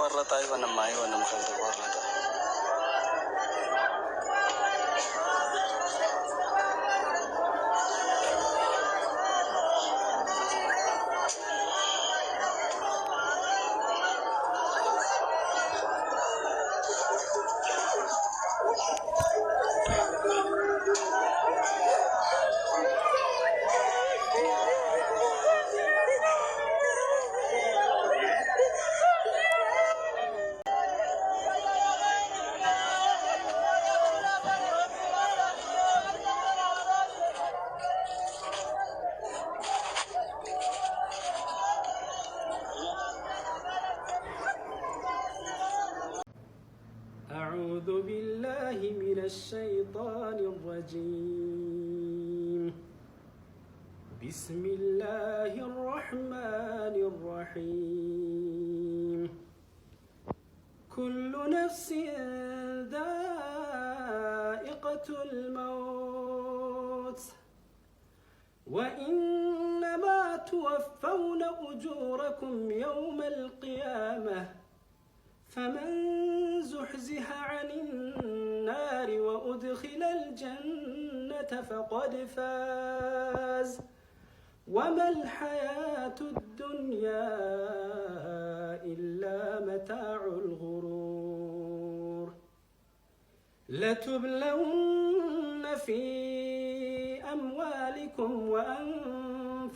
కోరలత ఇవన్నమ్మా ఇవన్నమ్మ కంటే కోరలత أعوذ بالله من الشيطان الرجيم بسم الله الرحمن الرحيم كل نفس ذائقة الموت وإنما توفون أجوركم يوم القيامة فمن زحزح عن النار وأدخل الجنة فقد فاز وما الحياة الدنيا إلا متاع الغرور لتبلون في أموالكم وأنفسكم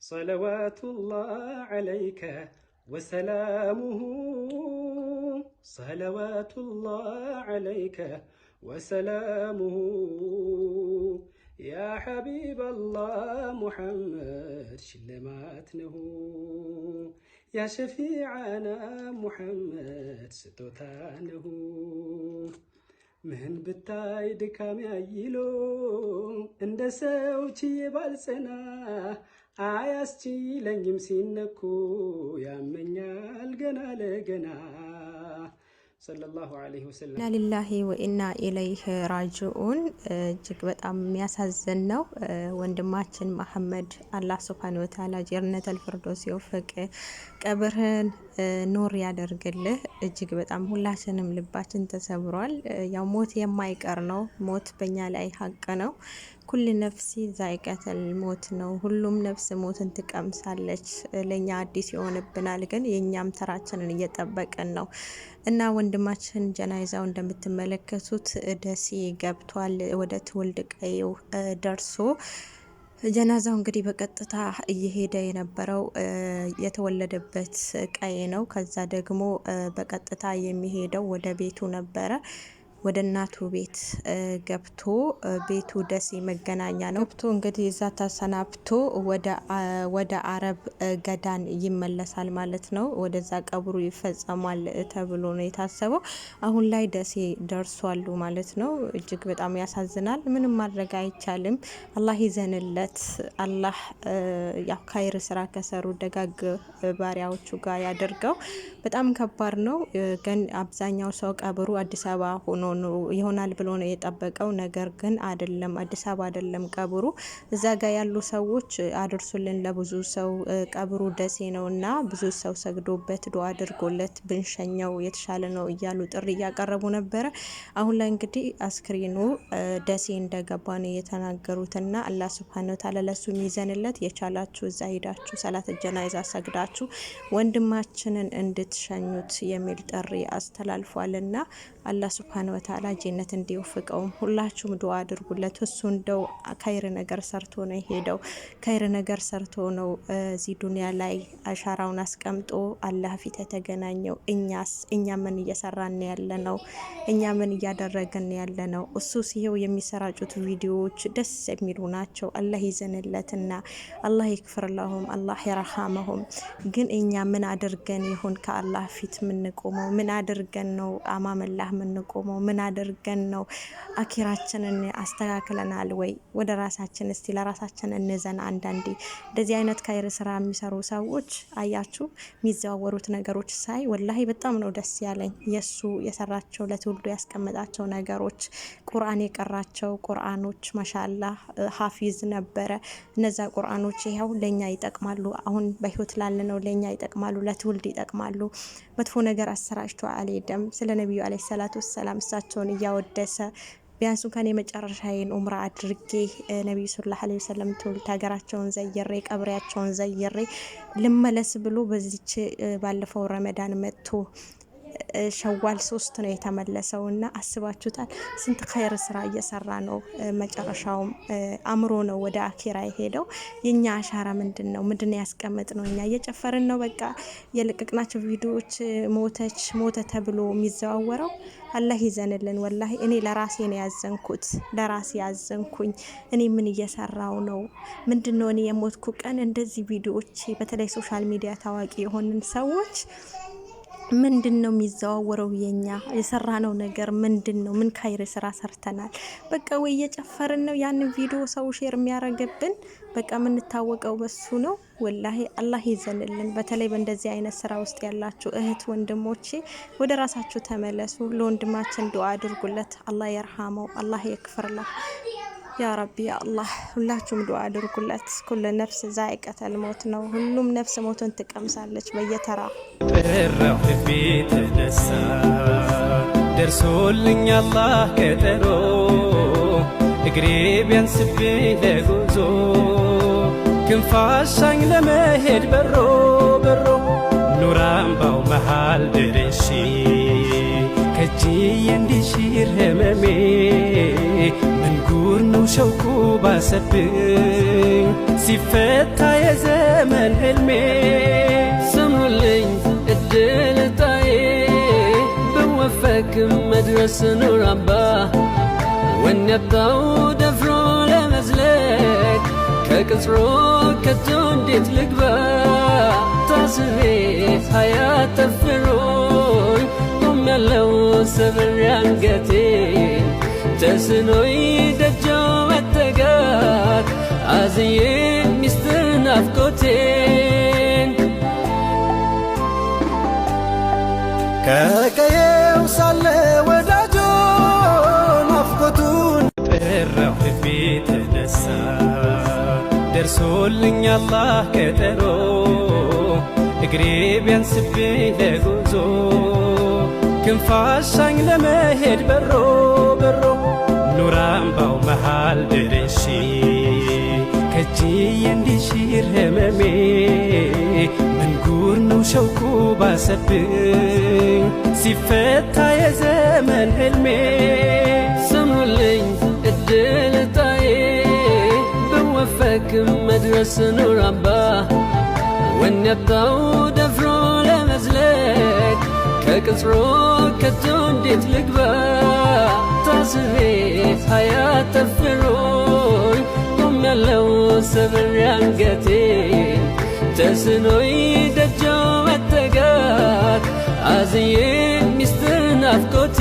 صلوات الله عليك وسلامه صلوات الله عليك وسلامه يا حبيب الله محمد شلماتنه يا شفيعنا محمد ستوتانه من بتايد دكام يا يلو اندسو تشي بالسنه አያስችለኝም ሲነኩ ያመኛል ገና ለገና ሰለላሁ አለይሂ ኢና ሊላሂ ወኢና ኢለይህ ራጅኡን። እጅግ በጣም የሚያሳዝን ነው። ወንድማችን መሐመድ አላህ ሱብሃነሁ ወተዓላ ጀነተል ፊርደውስ የወፈቀ ቀብርህን ኑር ያደርግልህ። እጅግ በጣም ሁላችንም ልባችን ተሰብሯል። ያው ሞት የማይቀር ነው። ሞት በእኛ ላይ ሀቅ ነው። ኩል ነፍሲ ዛይቀተል ሞት ነው። ሁሉም ነፍስ ሞትን ትቀምሳለች። ለእኛ አዲስ ይሆንብናል፣ ግን የእኛም ተራችንን እየጠበቅን ነው እና ወንድማችን ጀናይዛው እንደምትመለከቱት ደሴ ገብቷል። ወደ ትውልድ ቀየው ደርሶ ጀናዛው እንግዲህ በቀጥታ እየሄደ የነበረው የተወለደበት ቀይ ነው። ከዛ ደግሞ በቀጥታ የሚሄደው ወደ ቤቱ ነበረ። ወደ እናቱ ቤት ገብቶ ቤቱ ደሴ መገናኛ ነው ገብቶ እንግዲህ እዛ ተሰናብቶ ወደ አረብ ገዳን ይመለሳል ማለት ነው። ወደዛ ቀብሩ ይፈጸማል ተብሎ ነው የታሰበው። አሁን ላይ ደሴ ደርሷሉ ማለት ነው። እጅግ በጣም ያሳዝናል። ምንም ማድረግ አይቻልም። አላህ ይዘንለት። አላህ ያው ካይር ስራ ከሰሩ ደጋግ ባሪያዎቹ ጋር ያደርገው። በጣም ከባድ ነው፣ ግን አብዛኛው ሰው ቀብሩ አዲስ አበባ ሆኖ ይሆናል ብሎ ነው የጠበቀው። ነገር ግን አይደለም፣ አዲስ አበባ አይደለም ቀብሩ። እዛ ጋ ያሉ ሰዎች አድርሱልን ለብዙ ሰው ቀብሩ ደሴ ነው እና ብዙ ሰው ሰግዶበት ዶ አድርጎለት ብንሸኘው የተሻለ ነው እያሉ ጥሪ እያቀረቡ ነበረ። አሁን ላይ እንግዲህ አስክሬኑ ደሴ እንደገባ ነው እና አላህ ስብሃነ ወተዓላ ለሱ የሚዘንለት የቻላችሁ እዛ ሄዳችሁ ሰላት ጀናይዛ ሰግዳችሁ ወንድማችንን እንድትሸኙት የሚል ጥሪ አስተላልፏልና አላህ ሱብሃነ ወተዓላ ጀነት እንዲወፍቀውም ሁላችሁም ዱዓ አድርጉለት። እሱ እንደው ከይር ነገር ሰርቶ ነው የሄደው። ከይር ነገር ሰርቶ ነው እዚህ ዱኒያ ላይ አሻራውን አስቀምጦ አላህ ፊት የተገናኘው። እኛስ እኛ ምን እየሰራን ያለ ነው? እኛ ምን እያደረግን ያለ ነው? እሱ ሲሄው የሚሰራጩት ቪዲዮዎች ደስ የሚሉ ናቸው። አላህ ይዘንለትና አላህ ይክፍርለሁም፣ አላህ ይረሃመሁም። ግን እኛ ምን አድርገን ይሁን ከአላህ ፊት የምንቆመው? ምን አድርገን ነው አማመላህ የምንቆመው? ምን አድርገን ነው? አኪራችንን አስተካክለናል ወይ? ወደ ራሳችን እስቲ ለራሳችን እንዘን። አንዳንዴ እንደዚህ አይነት ካይር ስራ የሚሰሩ ሰዎች አያችሁ የሚዘዋወሩት ነገሮች ሳይ ወላሂ በጣም ነው ደስ ያለኝ። የእሱ የሰራቸው ለትውልዱ ያስቀመጣቸው ነገሮች ቁርአን የቀራቸው ቁርአኖች ማሻላ ሀፊዝ ነበረ። እነዛ ቁርአኖች ይኸው ለእኛ ይጠቅማሉ። አሁን በህይወት ነው ለእኛ ይጠቅማሉ፣ ለትውልድ ይጠቅማሉ። መጥፎ ነገር አሰራጭቶ አልሄደም። ስለ ነቢዩ አለ ሰላት ወሰላም እሳቸውን እያወደሰ ቢያንስ እንኳን የመጨረሻዬን ኡምራ አድርጌ ነቢዩ ሰለላሁ ዐለይሂ ወሰለም ትውልድ ሀገራቸውን ዘይሬ ቀብሬያቸውን ዘይሬ ልመለስ ብሎ በዚች ባለፈው ረመዳን መጥቶ ሸዋል ሶስት ነው የተመለሰው እና አስባችሁታል። ስንት ኸይር ስራ እየሰራ ነው። መጨረሻውም አምሮ ነው ወደ አኪራ የሄደው። የኛ አሻራ ምንድን ነው? ምንድን ያስቀምጥ ነው? እኛ እየጨፈርን ነው በቃ የለቀቅናቸው ቪዲዮዎች ሞተች ሞተ ተብሎ የሚዘዋወረው አላህ ይዘንልን። ወላሂ እኔ ለራሴ ነው ያዘንኩት፣ ለራሴ ያዘንኩኝ። እኔ ምን እየሰራው ነው? ምንድን ነው እኔ የሞትኩ ቀን እንደዚህ ቪዲዮዎች፣ በተለይ ሶሻል ሚዲያ ታዋቂ የሆንን ሰዎች ምንድን ነው የሚዘዋወረው? የኛ የሰራነው ነገር ምንድን ነው? ምን ካይር ስራ ሰርተናል? በቃ ወይ እየጨፈርን ነው። ያንን ቪዲዮ ሰው ሼር የሚያረገብን በቃ የምንታወቀው በሱ ነው። ወላሂ አላህ ይዘንልን። በተለይ በእንደዚህ አይነት ስራ ውስጥ ያላችሁ እህት ወንድሞቼ ወደ ራሳችሁ ተመለሱ። ለወንድማችን ዱዓ አድርጉለት። አላህ የርሃመው፣ አላህ የክፍርላ ያ ረቢ አላህ ሁላችሁም ዱዓ አድርጉለት። ኩል ነፍስ ዛኢቀተል ሞት ነው፣ ሁሉም ነፍስ ሞትን ትቀምሳለች በየተራ ጠራሁ ቤት ተነሳ ደርሶልኝ አላህ ቀጠሮ እግሬ ቢያንስብኝ ለጉዞ ክንፋሻኝ ለመሄድ በሮ በሮ ኑራምባው መሃል ደረሺ ከጂ እንዲሽር ህመሜ ورنو شوكو باسبي سفتا يا زمن هلمي سمو لي الدل طاي بوفاك مدرس نور عبا وني بطاود افرو لمزلك ككسرو كتون ديت لقبا تاسري حياة الفروي قم لو سبر عنقتي ተስኖይ ደጃው መጠጋት ኣዝየ ሚስትር ናፍቆቴን ከቀየው ሳለ ወዳጆ ናፍቆቱን ጠራው ልቤ ተነሳ ደርሶልኝ አላህ ቀጠሮ እግሬ ቢያንስብኝ ለጉዞ ክንፋሻኝ ለመሄድ በሮ ቃል ደርሼ ከጄ እንዲሽር ህመሜ መንጉር ነው ሸውቁ ባሰብኝ ሲፈታ የዘመን ህልሜ ስሙልኝ እድልታዬ ብወፈቅም መድረስ ኑር አባ ወኔያጣው ደፍሮ ለመዝለቅ ከቅጽሮ ከቶ እንዴት ልግባ ቤት አያጠፍሩኝ ቆም ያለው ሰብር አንገቴ ተስኖይ ደጃው መጠጋት አዝዬ ሚስጥር ናፍቆቴ